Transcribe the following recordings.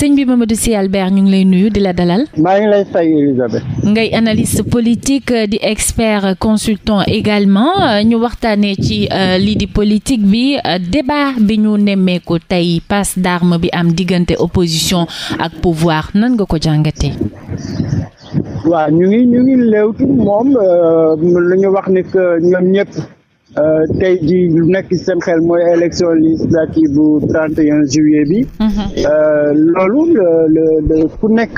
sëñ bi Mamadou Sy Albert ñu ngi lay nuyu di la dalal. maa ngi lay fay Elisabeth. ngay analyste politique euh, di expert euh, consultant également euh, ñu waxtaanee ci lii di politique bi débat bi ñu nemmeeku tey passe d'arme bi am diggante opposition ak pouvoir nan nga ko jàngatee. waaw ñu ngi ñu ngi léewtu moom lu wax ni ñoom ñëpp. Euh, tey jii lu nekk seen xel mooy élection législative bu 31 juillet bi. Mhm. Euh, loolu le ku nekk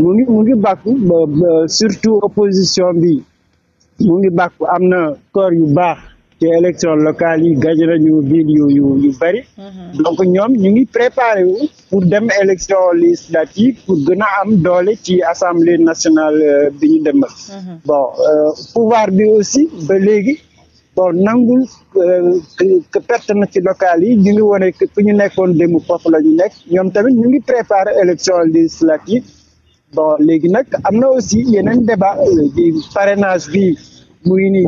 mu ngi mu ngi bàkku surtout opposition bi mu ngi bàkku am na corps yu baax ci élection locale yi gagné nañu ville yu yu bëri. Mhm. donc ñoom ñu ngi préparé pour dem élection législative pour gën a am doole ci assemblée nationale euh, bi ñu demal. Mhm. bon pouvoir bi aussi ba léegi. bon nangul euh, que perte na ci local yi ñu ngi wane que fu ñu nekkoon démb foofu la ñu nekk ñoom tamit ñu ngi préparé élection législative bon léegi nag am na aussi yeneen débat euh, di parrainage bi muy ni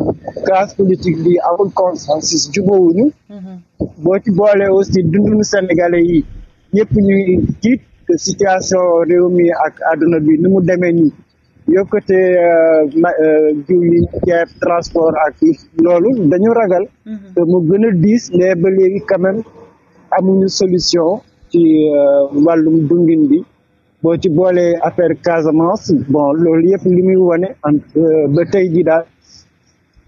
classe politique bi amul consensus jubóowuñu mm-hmm. boo ci boole aussi dundu sénégalais yi ñëpp ñuy tiit que situation réew mi ak àdduna bi ni mu demee nii yokkate euh, euh, jiw yi ceeb transport ak loolu dañu ragal mhm. mu gën a diis mais ba léegi quand amuñu solution ci euh, wàllum dundin bi boo ci boolee affaire Casamance bon loolu yëpp li muy wane entre ba tey ji daal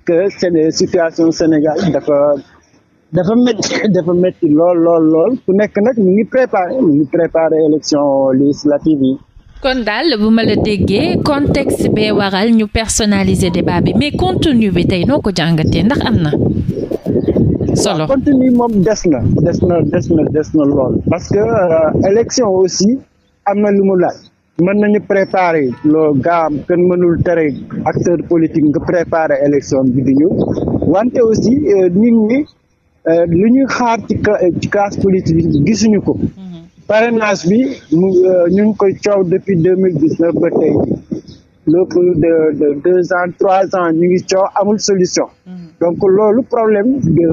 que c'est situation Sénégal dafa dafa métti lool lool lool ku nekk nag mu ngi préparé mu ngi yi kon daal bu ma la déggee contexte bee waral ñu personnaliser débat bi mais contenu bi tey noo ko jàngatee ndax am na solo contenu moom des na des na des na des na lool parce que euh, élection aussi am na lu mu laaj mën nañu préparer loo gaam kenn mënul tere acteur politique nga préparer élection bi di ñëw wante aussi euh, nit ñi euh, lu ñuy xaar ci classe politique gisuñu ko hmm. parrainage bi mu euh, ñu ngi koy coow depuis deux mille dix neuf ba tey lépp deux ans trois ans ñu ngi coow amul solution. Mm. donc loolu problème de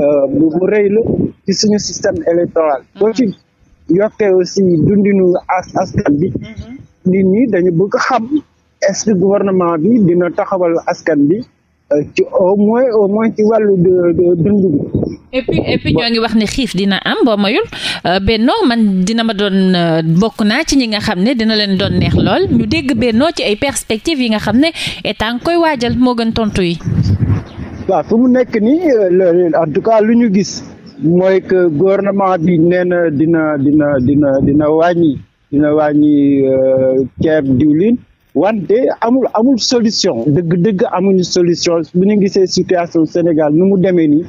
euh, bu rëy la ci suñu système électoral. Mm. boo ci yokkee aussi dundinu askan bi. Mm-hmm. nit ñi dañu bëgg xam est-ce gouvernement bi dina taxawal askan bi. Euh, ci au moins au ci wàllu de de ñoo ngi wax ne xiif dina am boo mayul euh, bennoo man dina ma doon euh, bokk naa ci ñi nga xam ne dina leen doon neex lool ñu dégg bennoo ci ay perspectives yi nga xam ne état nga koy waajal moo gën tontu yi. waaw fu mu nekk nii en lu ñu gis mooy que gouvernement bi dina dina dina dina wàññi dina wàññi ceeb diwlin. wante amul amul solution dëgg-dëgg amuñu solution bu ñu gisee situation Sénégal nu mu demee nii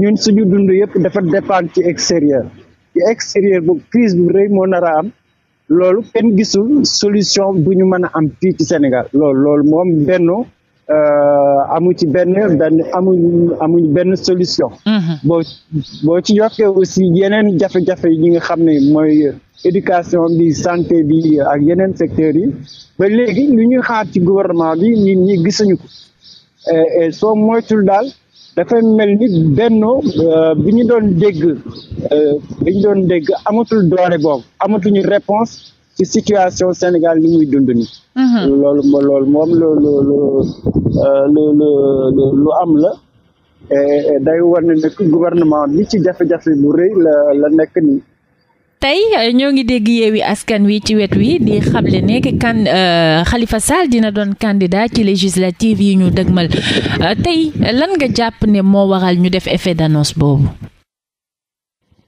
ñun suñu dund yëpp dafa dépendre ci extérieur ci extérieur bu crise bu rëy moo nar a am loolu kenn gisu solution bu ñu mën a am fii ci Sénégal loolu loolu moom benno Euh, amu ci benn benn amuñ amuñ benn solution. Mhm. boo boo ci yokkee aussi yeneen jafe-jafe yi nga xam ne mooy éducation bi santé bi ak yeneen secteurs yi ba léegi lu ñuy xaar ci gouvernement bi ni ñi gisuñu ko et soo moytul daal. dafay mel ni bennoo euh, bi ñu doon dégg euh, bi ñu doon dégg amatul doole boobu amatuñu réponse ci situation Sénégal li muy dund ni mhm. loolu mo moom euh, lu lu lu lu am la day war ne nekk gouvernement bi ci jafe-jafe bu rëy la la nekk nii tey euh, ñoo ngi dégg Yewwi Askan Wi ci wet wi di xamle ne kan euh, Khalifa Sall dina doon candidat ci législative yi ñu dëgmal tey lan nga jàpp ne moo waxal ñu def effet d'annonce boobu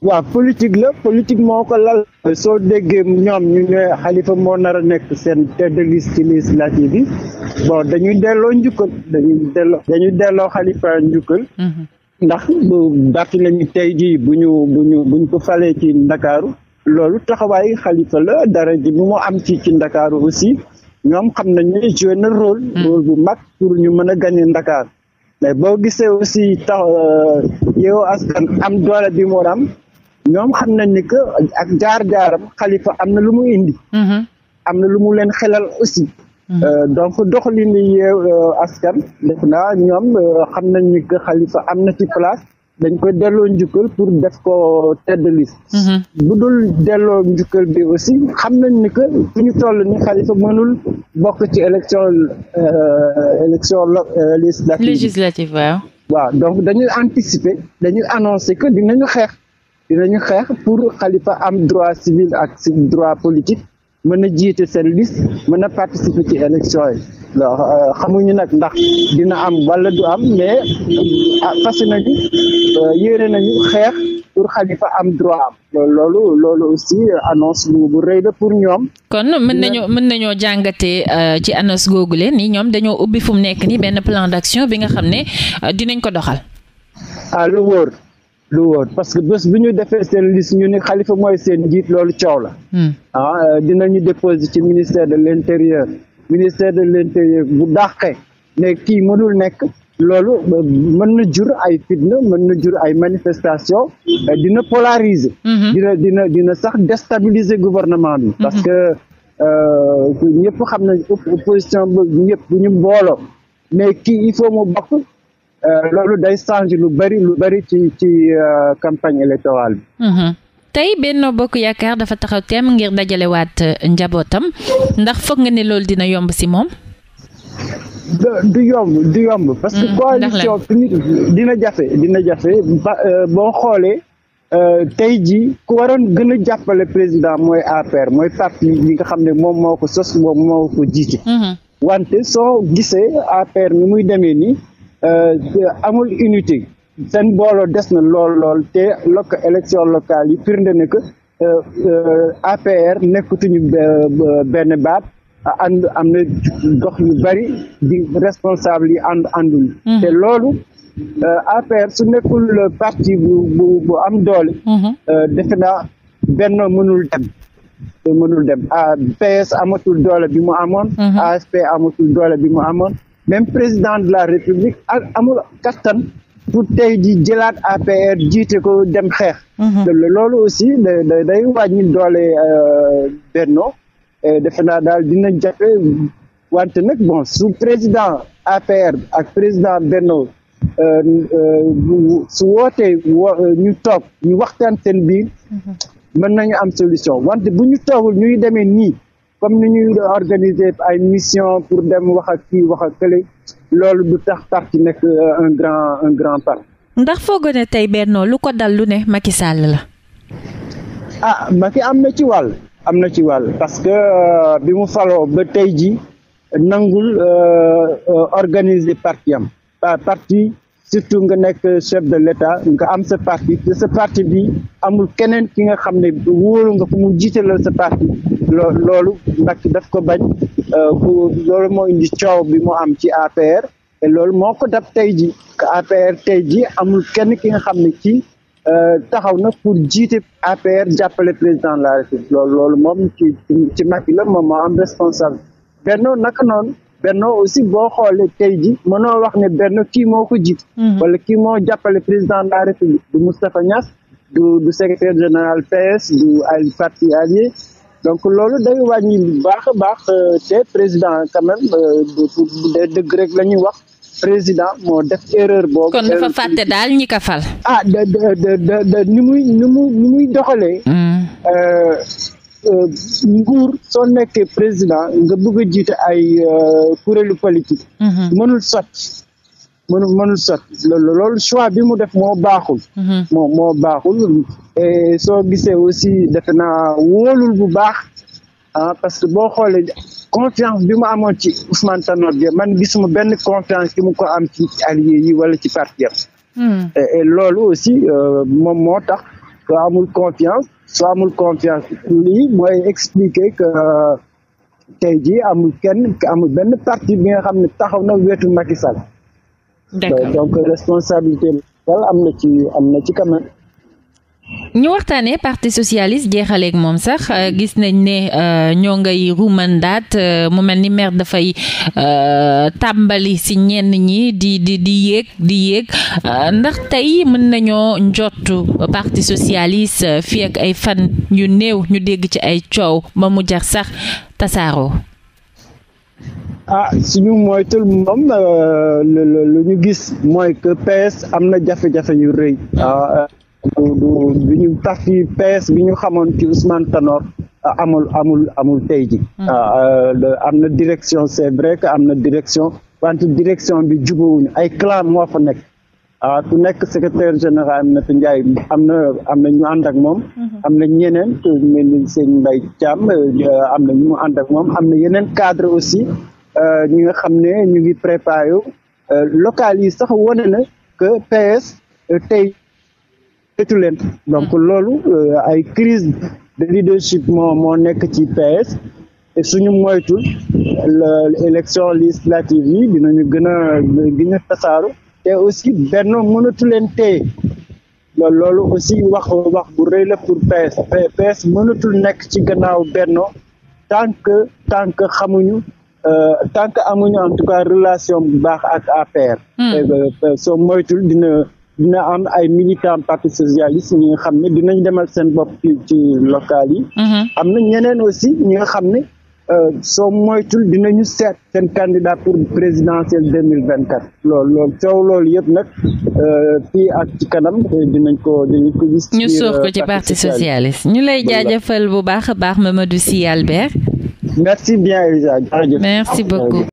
waaw politique la politique moo ko lal soo déggee ñoom ñu ne xalifa moo nar a nekk seen tête de liste ci législative bi bon dañuy delloo njukkal dañuy delloo dañuy delloo xalifa njukkal mhm. ndax Barthélémy tey jii bu ñu bu ñu bu ñu ko falee ci ndakaaru loolu taxawaay xalifa la dara ji bu mu am ci ci ndakaaru aussi ñoom xam nañ ne joué na mhm. rôle bu mag pour ñu mën a gañe ndakaar mais boo gisee aussi tax euh, yow askan am doole bi moo am ñoom xam na ni que ak jaar-jaaram xalifa am na lu mu indi. Mhm. am na lu mu leen xelal aussi. Mhm. Euh, donc doxalin yi euh, askan. def naa ñoom euh, xam nañ ni xalifa am na ci place dañ ko delloo njukkal pour def ko tête de liste. Mhm. bu dul delloo njukkal bi aussi xam na ni que fi ñu toll ni xalifa mënul bokk ci élection élection législative. législative waaw. waaw donc dañuy anticiper dañuy annoncer que dinañu xeex. dinañu xeex pour Khalifa am droit civil ak droit politique mën a jiite seen liste mën na participer ci élection yi euh, xamuñu nag ndax dina am wala du am mais euh, ah, fas nañu euh, yéene nañu xeex pour Khalifa am droit loolu loolu aussi annonce bu rëy la pour ñoom. kon mën nañoo mën nañoo jàngatee ci annonce googu leen nii ñoom dañoo ubbi fu mu nekk nii benn plan d'action bi nga xam ne dinañ ko doxal. Ah, lu wóor parce que bés bu ñu defee seen liste ñu ni xalifa mooy seen njiit loolu coow la. Hmm. Ah, euh, dina ñu déposé ci ministère de l' intérieur ministère de l' bu dàqee ne kii mënul nekk loolu euh, man na jur ay fitna mën na jur ay manifestation euh, dina polariser. Hmm. dina dina dina sax déstabiliser gouvernement bi. Hmm. parce que ñëpp xam nañ opposition bi ñëpp bu ñu mbooloo mais ki il faut mu bokk. Euh, loolu day change lu bëri lu bari ci ci euh, campagne électorale bi. Mhm. tey Benno Bokk Yaakaar dafa taxaw teem ngir dajalewaat euh, njabootam ndax foog nga ne loolu dina yomb si moom. du yomb du yomb. parce que mhm. coalition dina jafe dina jafe ba boo xoolee. tey jii ku waroon gën a jàppale président mooy APR mooy parti yi nga xam ne moom moo ko sos moom moo ko jiite. Mhm. wante soo gisee APR ni muy demee nii. Euh, amul unité seen booloo des na lool lool te lokk élection locale yi firnde na que euh, euh, APR nekkatuñu benn baat ànd am na gox yu bari di responsable yi ànd àndul mhm. te loolu APR su nekkul parti bu bu am doole mhm. defe naa benn mënul dem mënul dem PS amatul doole bi mu amoon mhm. ASP amatul doole bi mu amoon même président de la république ak kattan pour tey di jëlaat APR jiite ko dem xeex. Mhm. loolu aussi day day wàññi doole euh, Benno defe naa daal dina jafe wante nag bon su président APR ak président Benno euh, euh, su wootee ñu toog ñu waxtaan seen bi mhm. mën nañu am solution wante bu ñu toogul ñuy demee nii. comme ni ñuy organiser ay mission pour dem wax ak kii wax ak kële loolu du tax parti nekk euh, un grand un grand parti. ndax foogoo ne tey Benno lu ko dal lu ne Macky Sall la. ah Macky am na ci wàll. am na ci wàll parce que euh, bi mu faloo ba tey ji nangul euh, organiser parti am parti surtout nga nekk chef de l'État nga am sa parti te sa parti bi amul keneen ki nga xam ne wóolu nga fu mu jiitalal sa parti loolu Macky daf ko bañ euh, ku loolu moo indi coow bi mu am ci APR te loolu moo ko dab tey ji que APR tey ji amul kenn ki nga xam ne ci euh, taxaw na pour jiite APR jàppale président de la République loolu moom ci ci Macky la moom moo am responsable Benno naka noonu Benno aussi boo xoolee tey ji mënoo wax ne Benno kii moo ko jiite mhm. wala kii moo jàppale président la République du Moustapha Niass du du général PS du ay donc loolu day wàññi bu baax a baax euh, te président quand de euh, dëgg rek la ñuy wax président moo def erreur boobu. kon dafa fàtte daal ñi ko fal. ah de de de de ni muy ni muy doxalee. Mm. Euh, nguur soo nekkee président nga bëgg jiit ay kuréelu politique. Mm-hmm. mënul sotti. mënu mënul sot loolu choix bi mu def moo baaxul mhm. moom moo baaxul e soo gisee aussi defe naa wóolul bu baax ah parce que boo xoolee confiance bi mu amoon ci Ousmane Tanor Dieng man gisuma benn confiance ki mu ko am ci allié yi wala ci parti am hmm. et loolu aussi euh, moom moo tax soo amul confiance soo amul confiance lii mooy expliquer que euh, tey jii amul kenn amul benn parti bi nga xam ne taxaw na wetu Macky d'accord donc responsabilité locale am na ci am na ci quand ñu waxtaanee parti socialiste jeexaleeg moom sax euh, gis nañ ne euh, ñoo ngay rumandaat euh, mu mel ni maire dafay tàmbali si ñenn ñi di di di yéeg di yéeg ndax tey mën nañoo njottu parti socialiste fii ak ay fan yu néew ñu dégg ci ay coow ba mu jar sax tasaaroo. ah suñu moytul moom euh, lu ñu gis mooy que PS am na jafe-jafe yu rëy ah, euh, du ñu tax yi PS bi ñu xamoon ci Ousmane Tanor ah, amul amul amul tey ji hmm. ah, euh, am na direction c'est vrai que am na direction wante direction bi jubawuñu ay clan moo nekk ah ku nekk secrétaire général Aminata Ndiaye am na am na ñu ànd ak moom. Hmm. am na ñeneen ku mel ni sëñ Mbaye am na ñu ànd ak moom am na yeneen cadre aussi Euh, ñi nga xam ne ñu ngi préparé euh, local yi sax wane na que PS euh, tey tetu leen donc mm-hmm. loolu ay crise de leadership moo moo nekk ci PS et suñu moytul élection législative yi dinañu gën a gën tasaaru te aussi benn mënatu leen téye loolu aussi wax wax bu rëy la pour PS PS mënatul nekk ci gannaaw benno tant que tant que xamuñu Euh, tant que amuñu en tout cas relation bu baax ak affaire hmm. euh, euh, soo moytul dina dina am ay militants parti socialiste ñi nga xam ne dinañ demal seen bopp ci ci yi. Hmm. am na ñeneen aussi ñi nga xam ne soo moytul dinañu seet seen candidat pour présidentielle deux mille vingt quatre. loolu loolu coow loolu yëpp nag fii ak ci kanam dinañ ko ko gis. ñu suuf ko ci parti socialiste ñu lay jaajëfal bu baax a baax Mamadou Sy Albert. Merci bien, Elisa. Merci beaucoup.